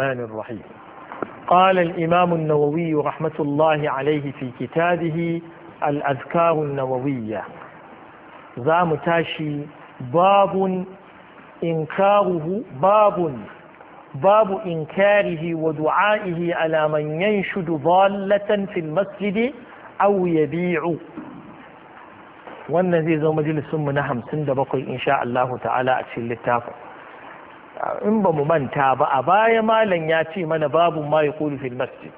الرحمن الرحيم قال الإمام النووي رحمة الله عليه في كتابه الأذكار النووية زام تاشي باب إنكاره باب باب إنكاره ودعائه على من ينشد ضالة في المسجد أو يبيع wannan zai zo majalisun mu na hamsin da bakwai insha Allah ta'ala a cikin littafin in ba mu manta ba a baya malam ya ce mana babu ma ya kulu fil masjid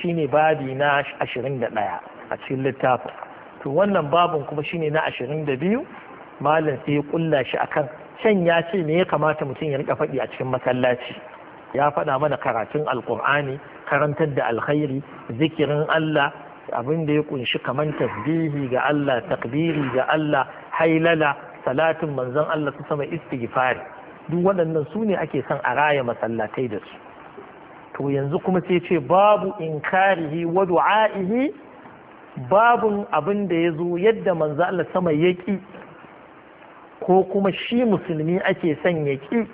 shine babi na 21 a cikin littafin to wannan babun kuma shine na 22 malam sai ya kulla shi akan can ya ce me ya kamata mutum ya rika faɗi a cikin masallaci ya faɗa mana karatun alkur'ani karantar da alkhairi zikirin Allah abin da ya kunshi kamar tasbihi ga Allah takbiri ga Allah hailala salatin manzon Allah su sama istighfari duk waɗannan su ne ake son a raya masallatai da su to yanzu kuma sai ce babu in karihi wa du'a'ihi babun abin da ya zo yadda manzo Allah sama ya ƙi ko kuma shi musulmi ake son ya ƙi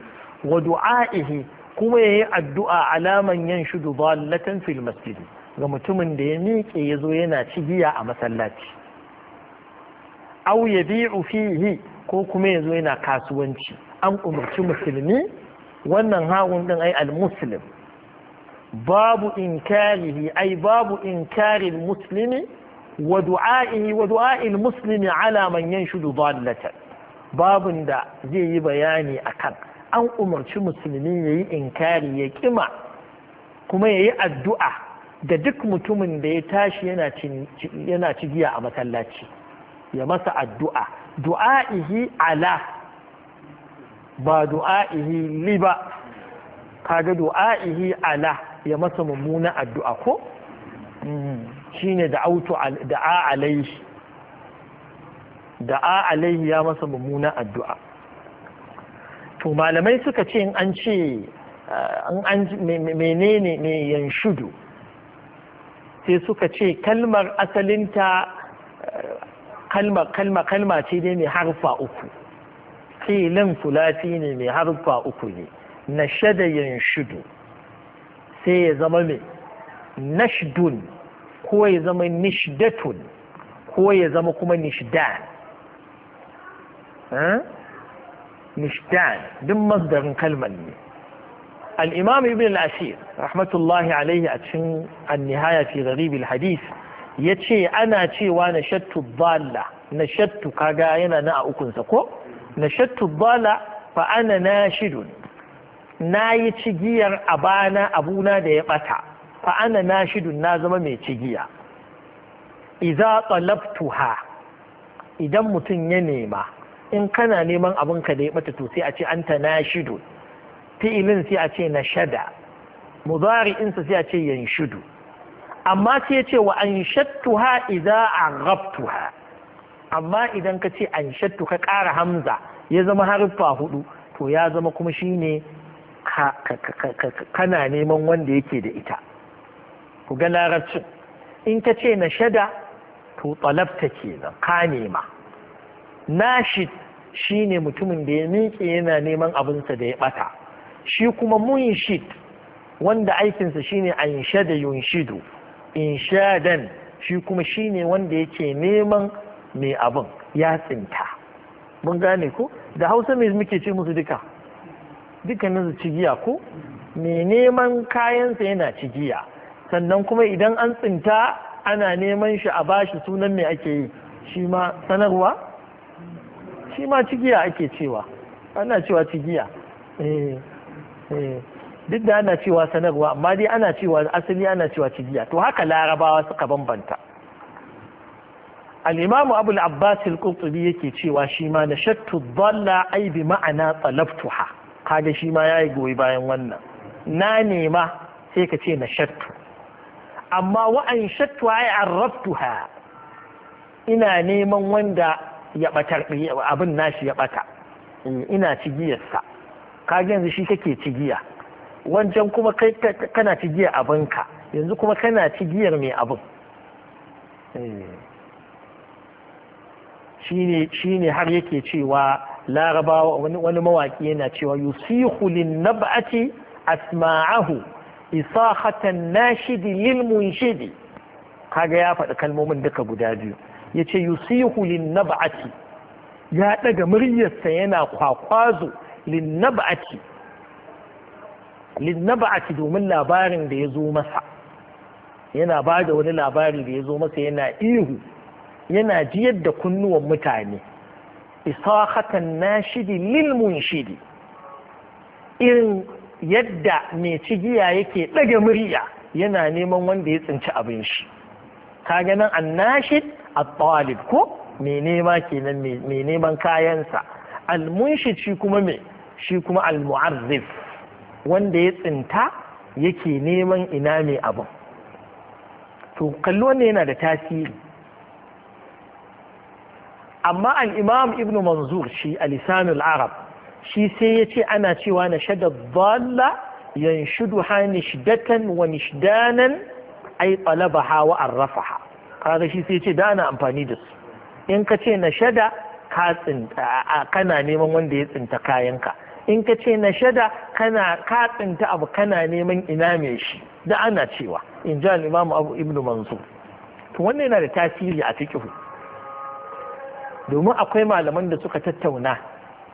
wa du'a'ihi kuma ya yi addu'a alaman yan shudu dallatan fil masjid ga mutumin da ya miƙe ya zo yana giya a masallaci aw yabi'u fihi ko kuma ya zo yana kasuwanci an umarci musulmi wannan ha'un din ai al-muslim babu inkarihi ai babu inkaril muslimi wa du'a'ihi wa du'a'il muslimi ala man yanshudu dallata babun da zai yi bayani akan an umarci musulmi yayi inkari ya kima kuma yayi addu'a da duk mutumin da ya tashi yana cigiya a masallaci ya masa addu'a du'a'ihi ala ba du'a'ihi li ba kaga du'a'ihi ala ya masa mummuna addu'a ko mm. shine da'autu da'a alaihi da'a alaihi ya masa mummuna addu'a to malamai suka ce in an ce eh, menene ne yanshudu sai suka ce kalmar asalinta eh, kalma kalma kalma ce dai mai harfa uku filin fulati ne mai harfa uku ne na shada shidu sai ya zama mai nashdun ko ya zama nishdatun ko ya zama kuma nishdan eh? nishdan duk masdarin kalmar ne al'imam ibn al'ashir rahmatullahi alaihi a cikin annihaya fi gharib al-hadis ya ce ana cewa na shattu balla na shattu kaga yana na a ukunsa ko Na shattu bala fa ana na yi cigiyar abana abuna da ya bata fa ana shidu na zama mai cigiya idza tsalaftuha idan mutum ya nema in kana neman abinka da ya bata to sai a ce anta shidu fi'ilin sai a ce na shada nashada mudari'insa sai a ce shidu amma sai ya ce wa iza idza amma idan ka ce anshattu ka ƙara hamza ya zama haruffa hudu to ya zama kuma shine kana neman wanda yake da ita ku ga larabcin in ka ce na shada to ke kenan ka nema nashid shine mutumin da ya miƙe yana neman abinsa da ya ɓata shi kuma munshid wanda aikinsa shine anshada yunshidu inshadan shi kuma shine wanda yake neman mai abin ya tsinta mun gane ko da hausa mai muke ce musu duka dukkanin su cigiya ko mai neman kayansa yana cigiya sannan kuma idan an tsinta ana neman shi a bashi sunan mai ake yi shi ma sanarwa shi ma cigiya ake cewa ana cewa cigiya eh, eh. duk da ana cewa sanarwa amma dai ana cewa asali ana cewa cigiya to haka larabawa suka bambanta al’imamu abul abbasil kutsubi yake cewa shi ma na shattu ma'ana tsalaftuha kaga shi ma ya goyi bayan wannan na nema sai ka ce na shattu amma wa'an shattu ai arraftuha ina neman wanda ya batar nashi ya bata mm, ina cigiyarsa ka yanzu shi kake cigiya wancan kuma kana cigiya abinka yanzu kuma kana cigiyar mai abin eh. Shi ne har yake cewa larabawa wani mawaƙi yana cewa yusihu lin nab'ati asma'ahu isahatan nashidi lil munshidi kaga ya faɗi kalmomin duka guda biyu yace yusihu lin nab'ati ya ɗaga muryarsa yana kwakwazo lin nab'ati lin nab'ati domin labarin da ya zo masa yana ba da wani labarin da ya zo masa yana ihu yana jiyar da kunnuwan mutane na shidi lil munshidi irin yadda mai cigiya yake ɗaga murya yana neman wanda ya tsinci abin shi ka ganin annashid a talib ko mai nema kenan mai neman kayansa almunshid shi kuma mai shi kuma almu'azzif wanda ya tsinta yake neman ina mai abin to kallo ne yana da tasiri amma al'imam ibn manzur shi a lisanul arab shi sai ya ce ana cewa na shada dhalla yanshudu ha nishdatan wa nishdanan ay talabaha wa arrafaha kaga shi sai ya ce da ana amfani da su in ka ce na shada kana neman wanda ya tsinta kayanka in ka ce na shada kana ka tsinta abu kana neman ina mai shi da ana cewa in ji al'imam abu ibn manzur to wannan yana da tasiri a fiqhu domin akwai malaman da suka tattauna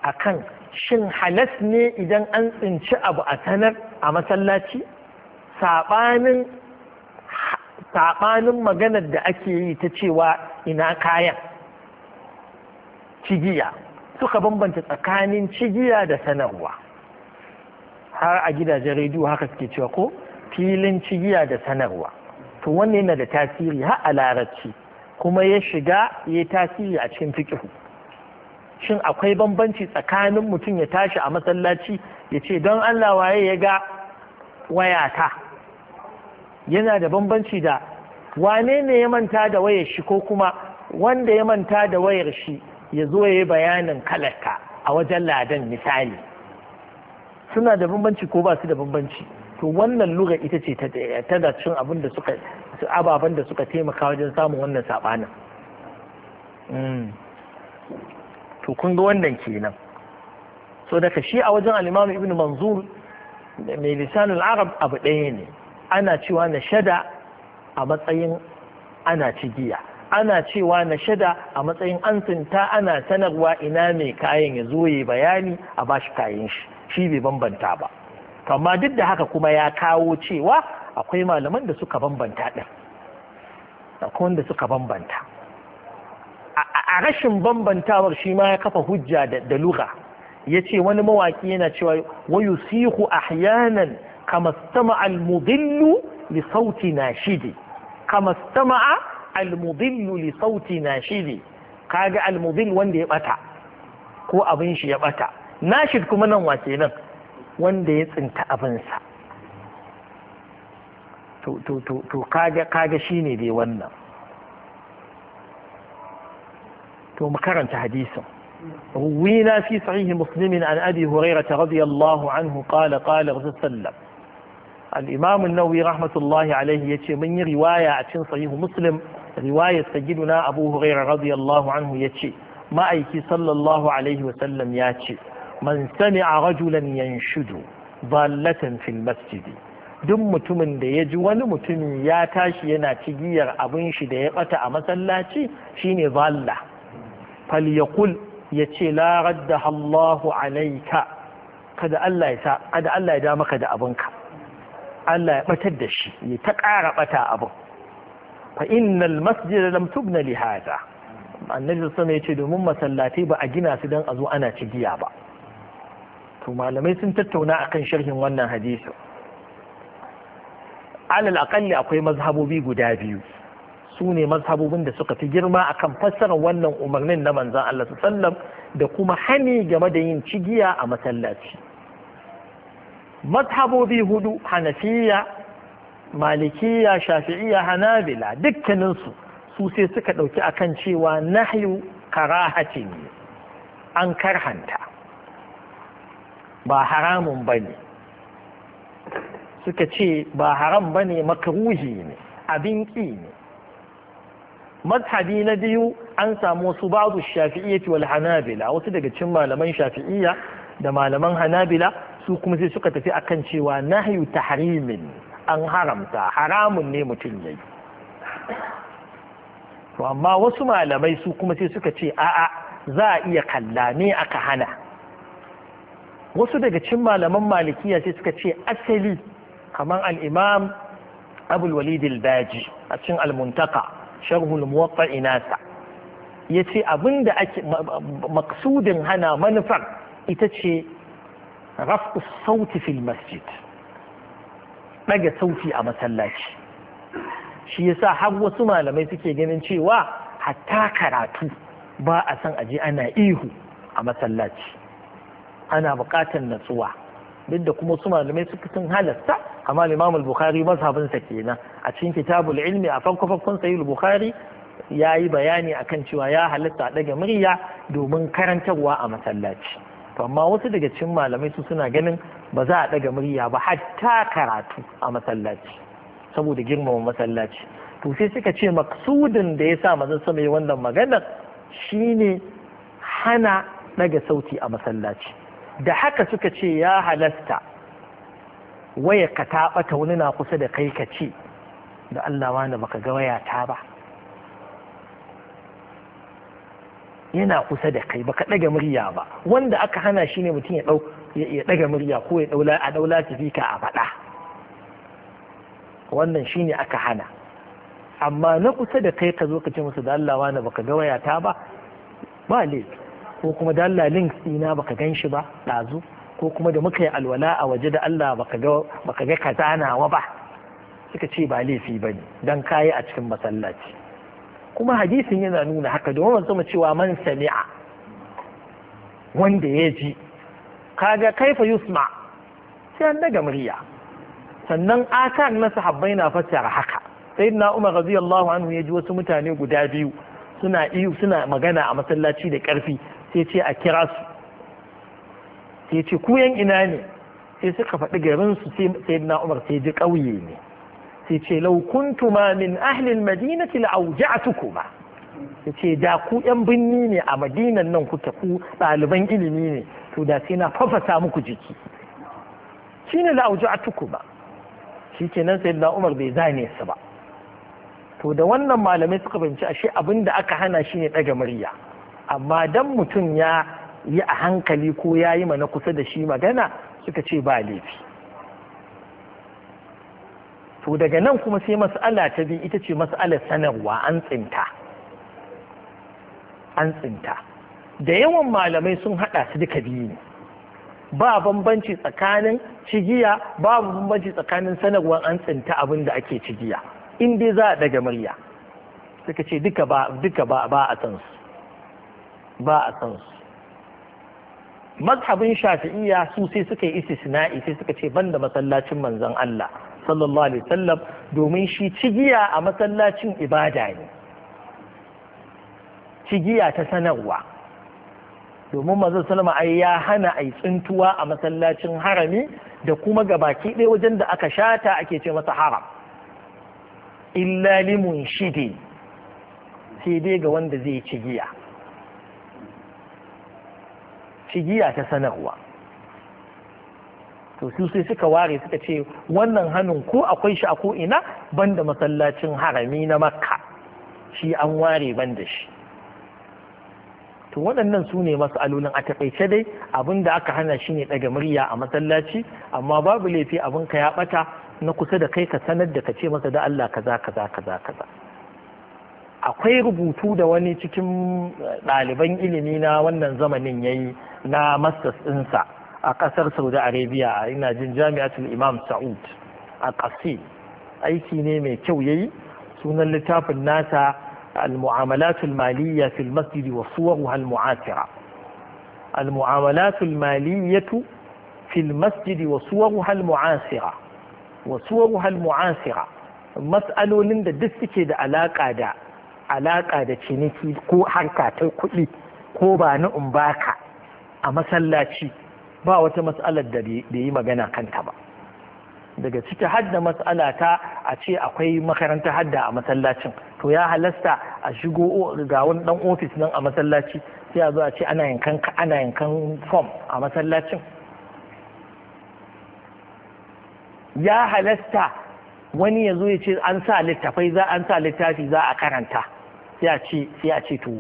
a kan shin halas ne idan an tsinci abu a sanar a masallaci saɓanin maganar da ake yi ta cewa ina kayan cigiya suka bambanta tsakanin cigiya da sanarwa har a gidajen rediyo haka suke cewa ko filin cigiya da sanarwa to wannan yana da tasiri har a larabci kuma ya shiga ya tasiri a cikin fikihu shin akwai bambanci tsakanin mutum ya tashi a masallaci ya ce don Allah waye ya ga wayata yana da bambanci da wane ne ya manta da wayar shi ko kuma wanda ya manta da wayar shi ya zo ya yi bayanin kalarka a wajen ladan misali suna da bambanci ko ba su da bambanci to wannan lura ita ce ta da cin abin da suka su ababen da suka taimaka wajen samun wannan saɓanin mm. to kun ga wannan kenan so daga shi a wajen al'imamu ibn manzur mai lisanul arab abu ɗaya ne ana cewa na shada a matsayin ana giya ana cewa na shada a matsayin an tsinta ana sanarwa ina mai kayan ya zo yi bayani a bashi kayan shi shi bai bambanta ba amma duk da haka kuma ya kawo cewa akwai malaman da suka bambanta ɗin akwai wanda suka bambanta a rashin bambantawar shi ma ya kafa hujja da lura ya ce wani mawaki yana cewa wayu sihu ahyanan kama sama almubillu li sauti nashidi kama sama almubillu li sauti kaga wanda ya bata ko abin shi ya bata nashid kuma nan wa kenan wanda ya tsinta abinsa to kaga shi ne dai wannan to mu karanta hadisin روينا في صحيح مسلم عن أبي هريرة رضي الله عنه قال قال رسول الله الإمام النووي رحمة الله عليه يتي من رواية عن صحيح مسلم رواية سيدنا أبو هريرة رضي الله عنه يتي ما أيكي صلى الله عليه وسلم يتي من سمع رجلا ينشد ضالة في المسجد duk mutumin da ya ji wani mutumi ya tashi yana cigiyar abin shi da ya bata a masallaci shine zalla falyakul ya ce la radda Allahu alaika kada Allah ya sa kada Allah ya da maka da abinka Allah ya batar da shi ya ta ƙara bata abin fa innal masjid lam tubna li hada annabi sama ya ce domin masallatai ba a gina su dan a zo ana cigiya ba to malamai sun tattauna akan sharhin wannan hadisin alal aƙalli akwai mazhabobi guda biyu su ne mazhabobin da suka fi girma akan fassara wannan umarnin na manzan Allah sallam da kuma hani game da yin cigiya a masallaci mazhabobi hudu hanafiya malikiya shafi'iya hanabila dukkaninsu su sai suka ɗauki akan cewa nahyu karahati ne an karhanta ba haramun ba ne suka ce ba haram ba ne makaruhi ne abin ƙi ne mazhabi na biyu an samu wasu babu shafi'iyyati wal hanabila wasu daga cikin malaman shafi'iyya da malaman hanabila su kuma sai suka tafi akan cewa nahyu tahrimin an haramta haramun ne mutum yayi to amma wasu malamai su kuma sai suka ce a'a za a iya kalla ne aka hana wasu daga cin malaman malikiya sai suka ce asali kamar al'imam abul baji a cikin almuntaka muntaka sharhul muwatta inasa ya ce abin da ake maksudin hana manufar ita ce rafu sauti fil masjid ɗaga sauti a masallaci shi yasa har wasu malamai suke ganin cewa hatta karatu ba a san je ana ihu a masallaci ana buƙatar natsuwa duk da kuma su malamai suka sun halasta amma Imam al-Bukhari mazhabin sa kenan a cikin kitabul ilmi a farko farkon sai al ya yi bayani akan cewa ya halatta daga murya domin karantarwa a masallaci to amma wasu daga cikin malamai su suna ganin ba za a daga murya ba hatta karatu a masallaci saboda girmama masallaci to sai suka ce maksudin da ya sa mazan sama yi wannan maganar shine hana daga sauti a masallaci da haka suka ce ya halasta waya ka ta wani na kusa da kai ka ce da Allah wani baka ga waya ta ba yana kusa da kai baka ɗaga murya ba wanda aka hana shi ne mutum ya ɗaga murya ko ya ɗaula a ɗaula ka a faɗa wannan shi ne aka hana amma na kusa da kai ka zo ka ce musu da Allah wani baka ga waya ta ba ba laifi ko kuma da Allah links ɗina baka gan shi ba ɗazu ko kuma da muka yi alwala a waje da Allah baka ga kaza ga wa ba suka ce ba laifi ba ne don kayi a cikin masallaci kuma hadisin yana nuna haka domin zama cewa man sami'a wanda ya ji kaga kaifa yusma sai an daga murya sannan akan na sahabbai na fassara haka na Umar radiyallahu anhu ya ji wasu mutane guda biyu suna suna magana a masallaci da karfi sai ce a kira su sai ce ku yan ina ne sai suka faɗi garin su sai na umar sai ji ƙauye ne sai ce lau ma min ahlil madinati la'auja'tukuma sai ce da ku yan binni ne a madinan nan kuke ku ɗaliban ilimi ne to da sai na fafasa muku jiki shine la'auja'tukuma shikenan sai na umar bai zane su ba to da wannan malamai suka fahimci ashe abin da aka hana shi shine ɗaga murya amma dan mutum ya yi a hankali ko ya yi mana kusa da shi magana suka ce ba laifi to daga nan kuma sai mas'ala ta biyu ita ce mas'alar sanarwa an tsinta an tsinta da yawan malamai sun haɗa su duka biyu ne ba bambanci tsakanin cigiya babu bambanci tsakanin sanarwar an tsinta abin da ake cigiya in dai za a daga murya suka ce duka ba a san ba a san mazhabin shafi'iyya su sai suka yi istisna'i sai suka ce banda masallacin manzon Allah sallallahu alaihi wasallam domin shi cigiya a masallacin ibada ne cigiya ta sanarwa domin manzon sallama ai ya hana ai tsintuwa a masallacin harami da kuma gabaki ɗaya wajen da aka shata ake ce masa haram illa limun sai dai ga wanda zai cigiya cigiya ta sanarwa to su sai suka ware suka ce wannan hannun ko akwai shi a ko ina banda masallacin harami na makka shi an ware banda shi to waɗannan su ne al'unan a taƙaice dai abin da aka hana shi ne ɗaga murya a masallaci amma babu laifi abin ka ya ɓata na kusa da kai ka sanar da ka ce masa da Allah kaza kaza kaza kaza akwai rubutu da wani cikin eh, ɗaliban ilimi na wannan zamanin ya yi na masters ɗinsa a ƙasar saudi arabia ina jin jami'atul imam sa'ud a ƙasi aiki ne mai kyau ya yi sunan littafin nasa al-mu'amalatul maliyya fil masjidi wa suwaruha muatira al-mu'amalatul maliyyatu fil masjidi wa muasira wa muasira mas'alolin da duk suke da alaƙa da alaƙa da ciniki ko harka ta kuɗi ko ba na umbaka a masallaci ba wata matsalar da bai yi magana kanta ba daga ciki hadda matsala ta a ce akwai makaranta hadda a masallacin to ya halasta a shigo ga wani dan ofis nan a masallaci sai a zo ce ana yankan ana yankan form a masallacin ya halasta wani ya zo ya ce an sa littafai an sa littafi za a karanta sai ce ce to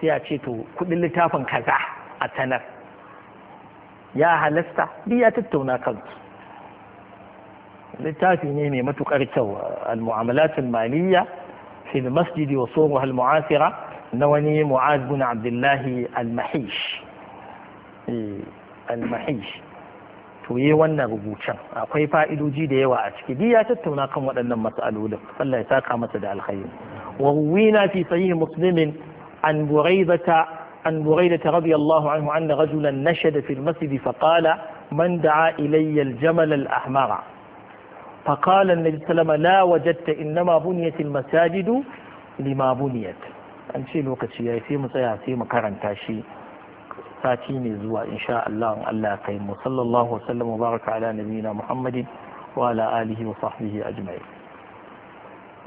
sai ce to kudin littafin kaza a tanar ya halasta duk ya tattauna kansu littafi ne mai matukar kyau al-mu'amalatul maliyya fi al-masjid wa suruha al-mu'asira na wani mu'az bin abdullah al-mahish eh, al-mahish to yi wannan rubucin akwai fa'idoji da yawa a ciki duk ya tattauna kan waɗannan matsalolin Allah ya saka masa da alkhairi وروينا في صحيح مسلم عن بريدة عن بريدة رضي الله عنه أن رجلا نشد في المسجد فقال من دعا إلي الجمل الأحمر فقال النبي صلى الله عليه وسلم لا وجدت إنما بنيت المساجد لما بنيت أن شيء الوقت شيء يأتي يعني مصيح يأتي مكارن تاشي ساتيني زوا إن شاء الله ألا كيم صلى الله وسلم وبارك على نبينا محمد وعلى آله وصحبه أجمعين